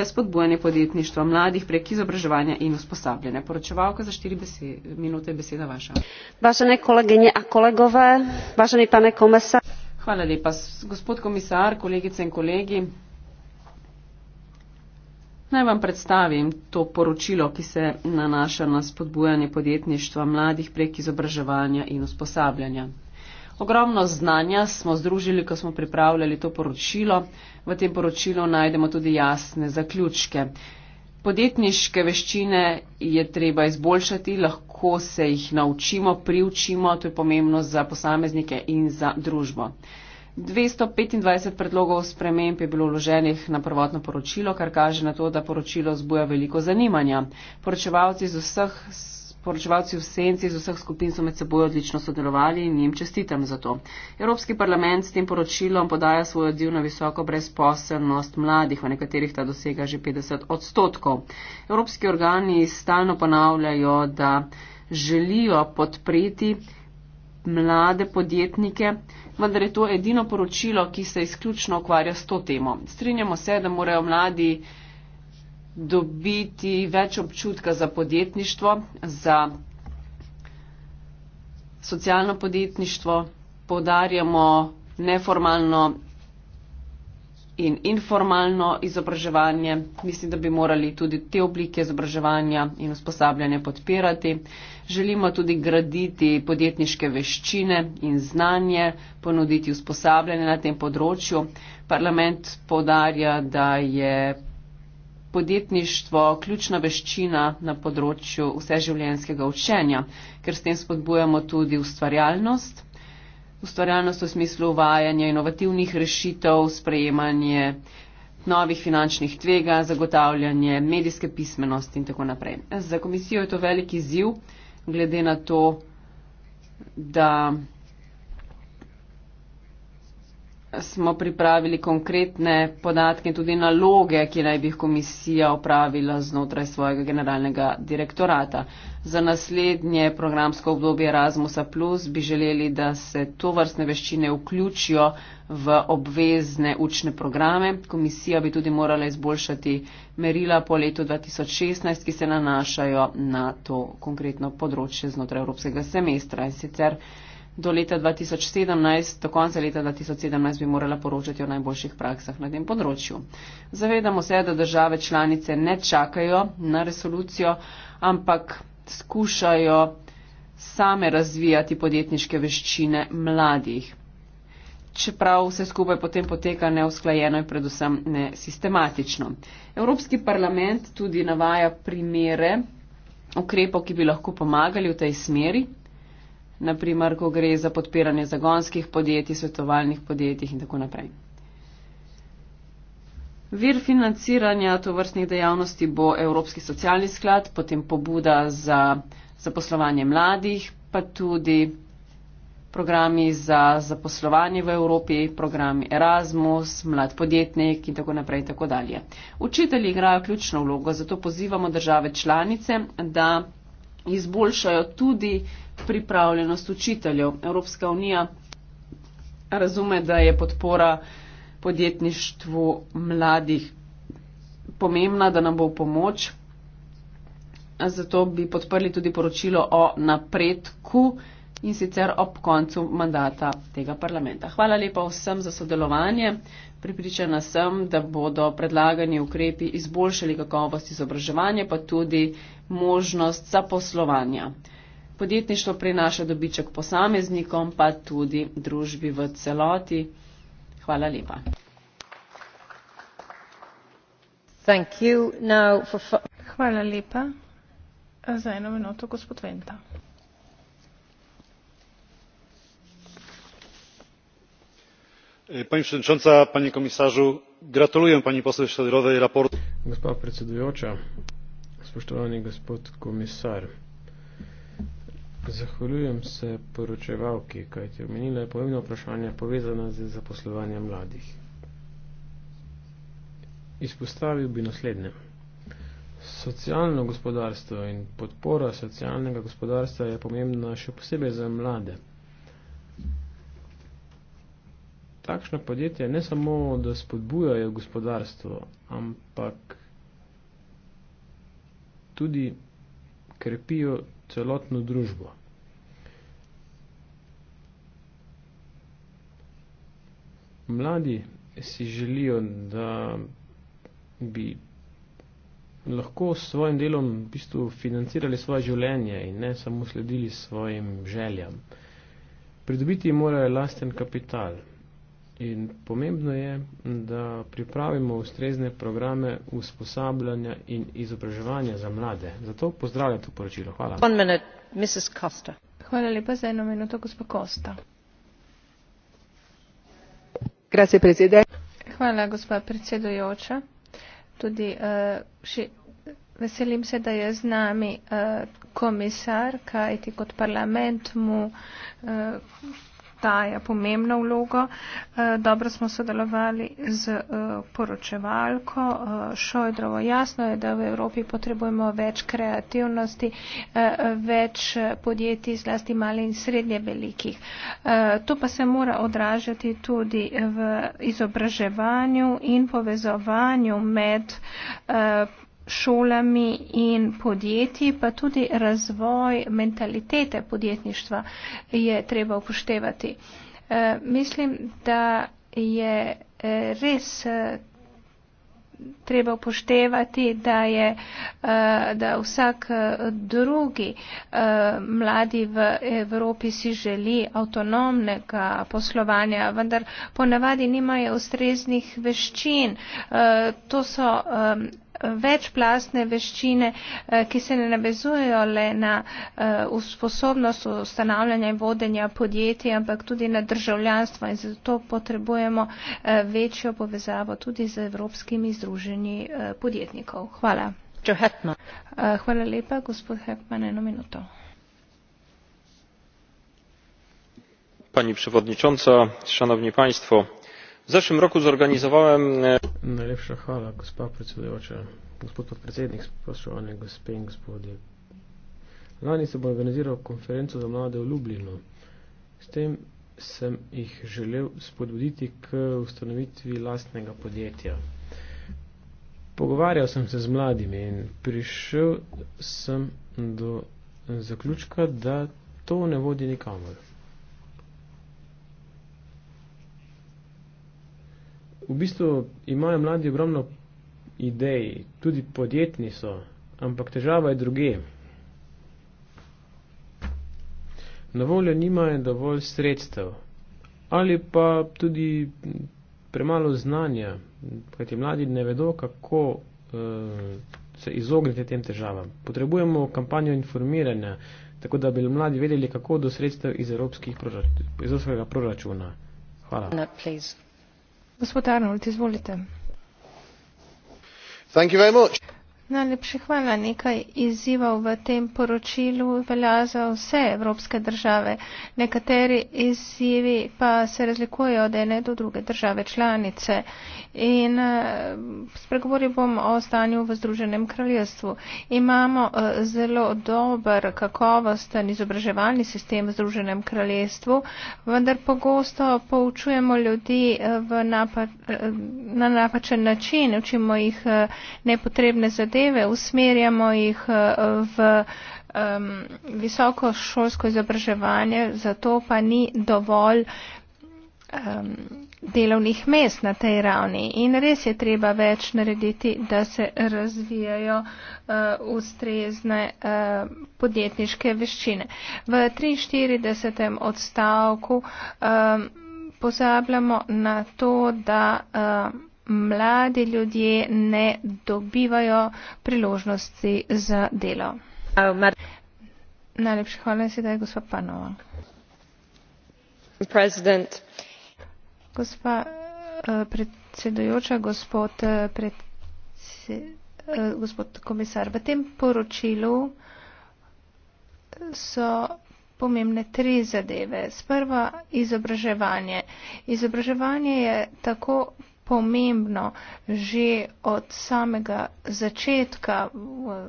v spodbujanje podjetništva mladih prek izobraževanja in usposabljanja. Poročevalka za štiri minute je beseda vaša. Vážene kolegyne a kolegové, vážený pane komisar. Hvala lepa. Gospod komisar, kolegice in kolegi, naj vam predstavim to poročilo, ki se nanaša na spodbujanje podjetništva mladih prek izobraževanja in usposabljanja. Ogromno znanja smo združili, ko smo pripravljali to poročilo. V tem poročilu najdemo tudi jasne zaključke. Podjetniške veščine je treba izboljšati, lahko se jih naučimo, priučimo, to je pomembno za posameznike in za družbo. 225 predlogov sprememb je bilo vloženih na prvotno poročilo, kar kaže na to, da poročilo zbuja veliko zanimanja. Poročevalci z vseh poročevalci v senci iz vseh skupin so med seboj odlično sodelovali in jim čestitam za to. Evropski parlament s tem poročilom podaja svoj odziv na visoko brezposelnost mladih, v nekaterih ta dosega že 50 odstotkov. Evropski organi stalno ponavljajo, da želijo podpreti mlade podjetnike, vendar je to edino poročilo, ki se izključno ukvarja s to temo. Strinjamo se, da morajo mladi dobiti več občutka za podjetništvo, za socialno podjetništvo, podarjamo neformalno in informalno izobraževanje. Mislim, da bi morali tudi te oblike izobraževanja in usposabljanja podpirati. Želimo tudi graditi podjetniške veščine in znanje, ponuditi usposabljanje na tem področju. Parlament podarja, da je podjetništvo ključna veščina na področju vseživljenjskega učenja, ker s tem spodbujamo tudi ustvarjalnost. Ustvarjalnost v smislu uvajanja inovativnih rešitev, sprejemanje novih finančnih tvega, zagotavljanje medijske pismenosti in tako naprej. Za komisijo je to veliki ziv, glede na to, da smo pripravili konkretne podatke in tudi naloge, ki naj bi jih komisija opravila znotraj svojega generalnega direktorata. Za naslednje programsko obdobje Erasmusa Plus bi želeli, da se to vrstne veščine vključijo v obvezne učne programe. Komisija bi tudi morala izboljšati merila po letu 2016, ki se nanašajo na to konkretno področje znotraj evropskega semestra. In sicer do leta 2017, do konca leta 2017 bi morala poročati o najboljših praksah na tem področju. Zavedamo se, da države članice ne čakajo na resolucijo, ampak skušajo same razvijati podjetniške veščine mladih. Čeprav vse skupaj potem poteka neusklajeno in predvsem nesistematično. Evropski parlament tudi navaja primere ukrepov, ki bi lahko pomagali v tej smeri naprimer, ko gre za podpiranje zagonskih podjetij, svetovalnih podjetij in tako naprej. Vir financiranja to vrstnih dejavnosti bo Evropski socialni sklad, potem pobuda za zaposlovanje mladih, pa tudi programi za zaposlovanje v Evropi, programi Erasmus, mlad podjetnik in tako naprej in tako dalje. Učitelji igrajo ključno vlogo, zato pozivamo države članice, da izboljšajo tudi pripravljenost učiteljev. Evropska unija razume, da je podpora podjetništvu mladih pomembna, da nam bo v pomoč. Zato bi podprli tudi poročilo o napredku in sicer ob koncu mandata tega parlamenta. Hvala lepa vsem za sodelovanje. Pripričana sem, da bodo predlagani ukrepi izboljšali kakovost izobraževanja, pa tudi možnost zaposlovanja. Podjetništvo prinaša dobiček posameznikom, pa tudi družbi v celoti. Hvala lepa. Thank you now for Hvala lepa za eno minuto, gospod Venta. E, pani predsedujoča, pani komisarju, gratulujem pani poslovi Šadirovej raportu. Gospa predsedujoča, spoštovani gospod komisar. Zahvaljujem se poročevalki, kaj ti omenila je pomembno vprašanje povezano z zaposlovanjem mladih. Izpostavil bi naslednje. Socialno gospodarstvo in podpora socialnega gospodarstva je pomembna še posebej za mlade. Takšno podjetje ne samo, da spodbujajo gospodarstvo, ampak tudi krepijo celotno družbo. Mladi si želijo, da bi lahko s svojim delom v bistvu financirali svoje življenje in ne samo sledili svojim željam. Pridobiti morajo lasten kapital. In pomembno je, da pripravimo ustrezne programe usposabljanja in izobraževanja za mlade. Zato pozdravljam to poročilo. Hvala. Minute, Hvala lepa za eno minuto, gospod Kosta. Hvala, gospod predsedujoča. Tudi eh, še veselim se, da je z nami eh, komisar, kajti kot parlament mu eh, daje pomembno vlogo. Eh, dobro smo sodelovali z eh, poročevalko eh, Šojdrovo. Jasno je, da v Evropi potrebujemo več kreativnosti, več podjetij, zlasti malih in srednje velikih. To pa se mora odražati tudi v izobraževanju in povezovanju med šolami in podjetji, pa tudi razvoj mentalitete podjetništva je treba upoštevati. E, mislim, da je e, res e, treba upoštevati, da je e, da vsak drugi mladi v Evropi si želi avtonomnega poslovanja, vendar ponavadi nimajo ustreznih veščin. To so večplastne veščine, eh, ki se ne navezujejo le na eh, sposobnost ustanavljanja in vodenja podjetij, ampak tudi na državljanstvo in zato potrebujemo eh, večjo povezavo tudi z Evropskimi združenji podjetnikov. Hvala. Hvala lepa, gospod Hepman, eno minuto. Pani przewodnicząca, szanowni państwo, W zeszłym roku zorganizowałem. E, Najlepsza hala, gospod przewodnicząca. Gospod podpredsednik, proszę o gospodzie. Lani sem organiziral konferenco za mlade v Ljubljano. S tem sem jih želel spodbuditi k ustanovitvi lastnega podjetja. Pogovarjal sem se z mladimi in prišel sem do zaključka, da to ne vodi nikamor. v bistvu imajo mladi ogromno idej, tudi podjetni so, ampak težava je druge. Na voljo nimajo dovolj sredstev ali pa tudi premalo znanja, kajti mladi ne vedo, kako uh, se izogniti tem težavam. Potrebujemo kampanjo informiranja, tako da bi mladi vedeli, kako do sredstev iz evropskega proračuna. Hvala. No, gospod arnold izvolite. Najlepša hvala. Nekaj izzivov v tem poročilu velja za vse evropske države. Nekateri izzivi pa se razlikujejo od ene do druge države članice. In eh, spregovoril bom o stanju v Združenem kraljestvu. Imamo eh, zelo dober kakovosten izobraževalni sistem v Združenem kraljestvu, vendar pogosto poučujemo ljudi eh, napa, na napačen način, učimo jih nepotrebne zadeve zadeve, usmerjamo jih eh, v um, visoko šolsko izobraževanje, zato pa ni dovolj um, delovnih mest na tej ravni. In res je treba več narediti, da se razvijajo uh, ustrezne uh, podjetniške veščine. V 43. odstavku um, pozabljamo na to, da. Uh, mladi ljudje ne dobivajo priložnosti za delo. Najlepša hvala si, da je gospa Panova. President. Gospa eh, predsedujoča, gospod, eh, predse, eh, gospod komisar, v tem poročilu so pomembne tri zadeve. Sprva izobraževanje. Izobraževanje je tako pomembno že od samega začetka v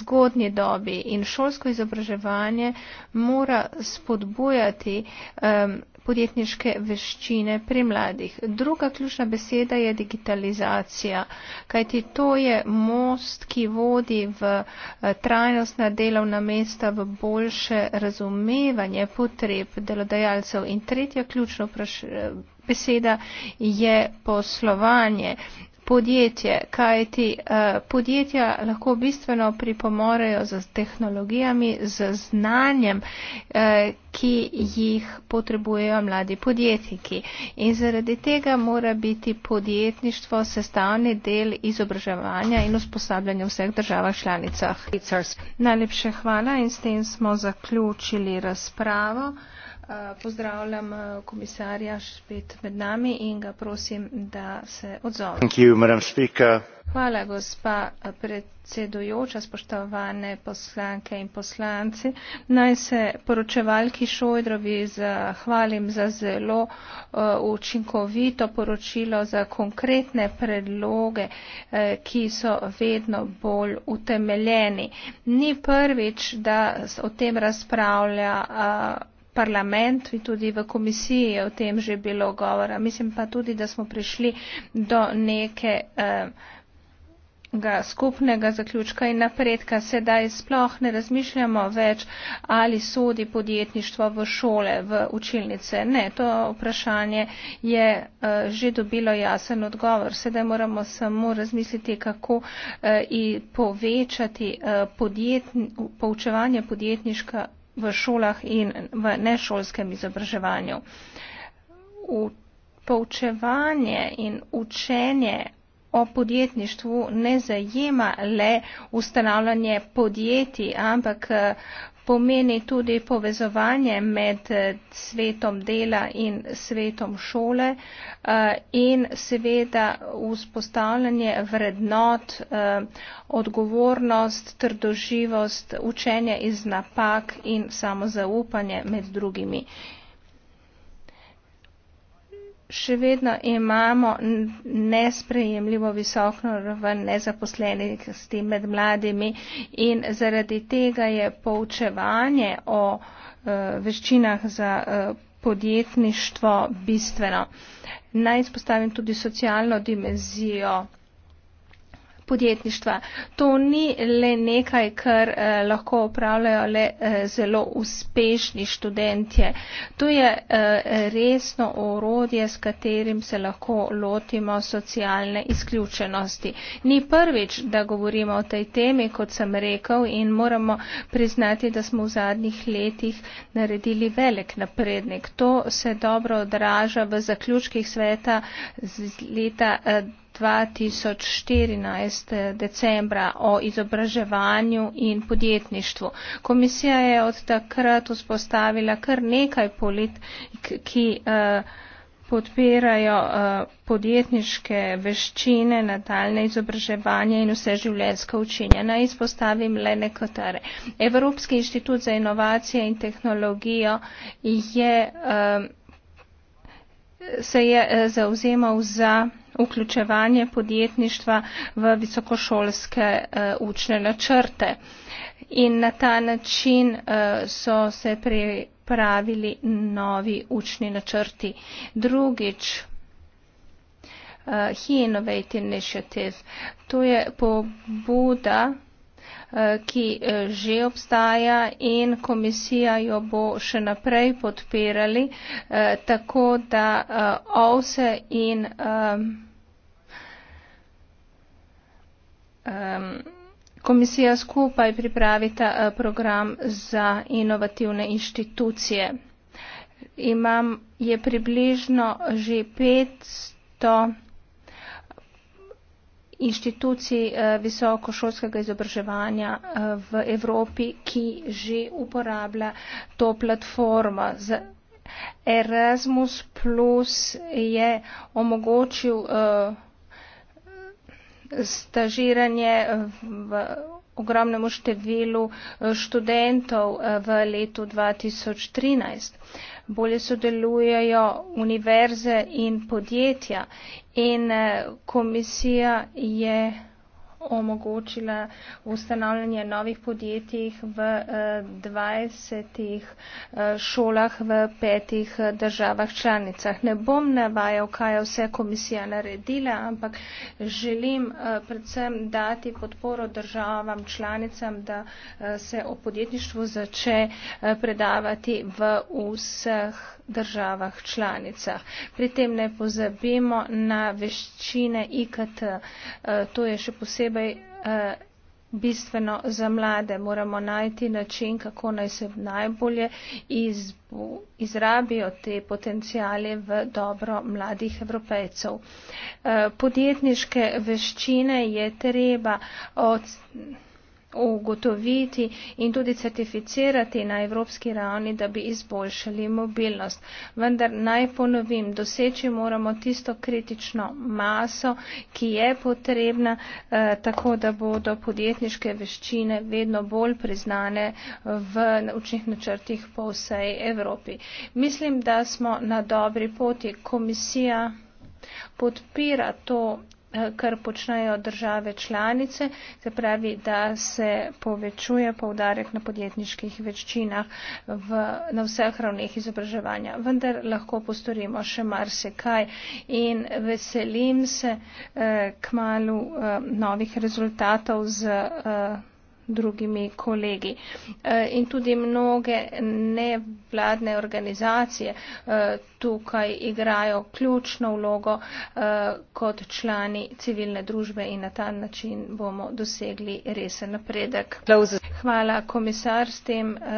zgodnji dobi in šolsko izobraževanje mora spodbujati um, podjetniške veščine pri mladih. Druga ključna beseda je digitalizacija, kajti to je most, ki vodi v eh, trajnostna delovna mesta, v boljše razumevanje potreb delodajalcev. In tretja ključna beseda je poslovanje, podjetje, kajti eh, podjetja lahko bistveno pripomorejo z tehnologijami, z znanjem, eh, ki jih potrebujejo mladi podjetniki. In zaradi tega mora biti podjetništvo sestavni del izobraževanja in usposabljanja vseh državah članicah. Najlepše hvala in s tem smo zaključili razpravo. Eh, pozdravljam eh, komisarja spet med nami in ga prosim, da se odzove. Hvala, gospa eh, predsedujoča, spoštovane poslanke in poslanci. Naj se poročevalki Šojdrovi zahvalim za zelo uh, učinkovito poročilo, za konkretne predloge, uh, ki so vedno bolj utemeljeni. Ni prvič, da o tem razpravlja. Uh, parlament in tudi v komisiji je o tem že bilo govora. Mislim pa tudi, da smo prišli do neke eh, skupnega zaključka in napredka. Sedaj sploh ne razmišljamo več, ali sodi podjetništvo v šole, v učilnice. Ne, to vprašanje je uh, že dobilo jasen odgovor. Sedaj moramo samo razmisliti, kako uh, povečati uh, podjetni, poučevanje podjetniška v šolah in v nešolskem izobraževanju. V poučevanje in učenje o podjetništvu ne zajema le ustanavljanje podjetij, ampak pomeni tudi povezovanje med eh, svetom dela in svetom šole eh, in seveda vzpostavljanje vrednot, eh, odgovornost, trdoživost, učenje iz napak in samozaupanje med drugimi še vedno imamo nesprejemljivo visoko raven nezaposlenosti med mladimi in zaradi tega je poučevanje o uh, veščinah za uh, podjetništvo bistveno. Naj izpostavim tudi socialno dimenzijo podjetništva. To ni le nekaj, kar eh, lahko upravljajo le eh, zelo uspešni študentje. To je eh, resno orodje, s katerim se lahko lotimo socialne izključenosti. Ni prvič, da govorimo o tej temi, kot sem rekel, in moramo priznati, da smo v zadnjih letih naredili velik naprednik. To se dobro odraža v zaključkih sveta z leta. Eh, 2014. decembra o izobraževanju in podjetništvu. Komisija je od takrat vzpostavila kar nekaj politik, ki eh, podpirajo eh, podjetniške veščine, nadaljne izobraževanje in vse življenjsko učenje. Naj izpostavim le nekatere. Evropski inštitut za inovacije in tehnologijo je, eh, se je zauzemal za vključevanje podjetništva v visokošolske uh, učne načrte. In na ta način uh, so se pripravili novi učni načrti. Drugič, uh, eh, He Innovative Initiative, to je pobuda ki eh, že obstaja in komisija jo bo še naprej podpirali, eh, tako da eh, ovse in ehm, ehm, komisija skupaj pripravita program za inovativne inštitucije. Imam, je približno že 500 inštitucij eh, visokošolskega izobraževanja eh, v Evropi, ki že uporablja to platformo. Erasmus Plus je omogočil eh, stažiranje v ogromnemu številu eh, študentov eh, v letu 2013. Bolje sodelujejo univerze in podjetja in eh, komisija je omogočila ustanavljanje novih podjetij v 20 eh, eh, šolah v petih eh, državah članicah. Ne bom navajal, kaj je vse komisija naredila, ampak želim predvsem dati podporo državam članicam, da se o podjetništvu začne predavati v vseh državah članicah. Pri tem ne pozabimo na veščine IKT. To je še posebej posebej eh, bistveno za mlade. Moramo najti način, kako naj se najbolje izrabijo te potencijale v dobro mladih evropejcev. Eh, podjetniške veščine je treba odstaviti ugotoviti in tudi certificirati na evropski ravni, da bi izboljšali mobilnost. Vendar naj ponovim, doseči moramo tisto kritično maso, ki je potrebna, eh, tako da bodo podjetniške veščine vedno bolj priznane v učnih načrtih po vsej Evropi. Mislim, da smo na dobri poti. Komisija podpira to Eh, kar počnejo države članice, se pravi, da se povečuje povdarek na podjetniških veččinah v, na vseh ravneh izobraževanja. Vendar lahko postorimo še marsikaj in veselim se eh, k malu eh, novih rezultatov z. Eh, drugimi kolegi. Eh, in tudi mnoge nevladne organizacije eh, tukaj igrajo ključno vlogo eh, kot člani civilne družbe in na ta način bomo dosegli resen napredek. Hvala, komisar, s tem.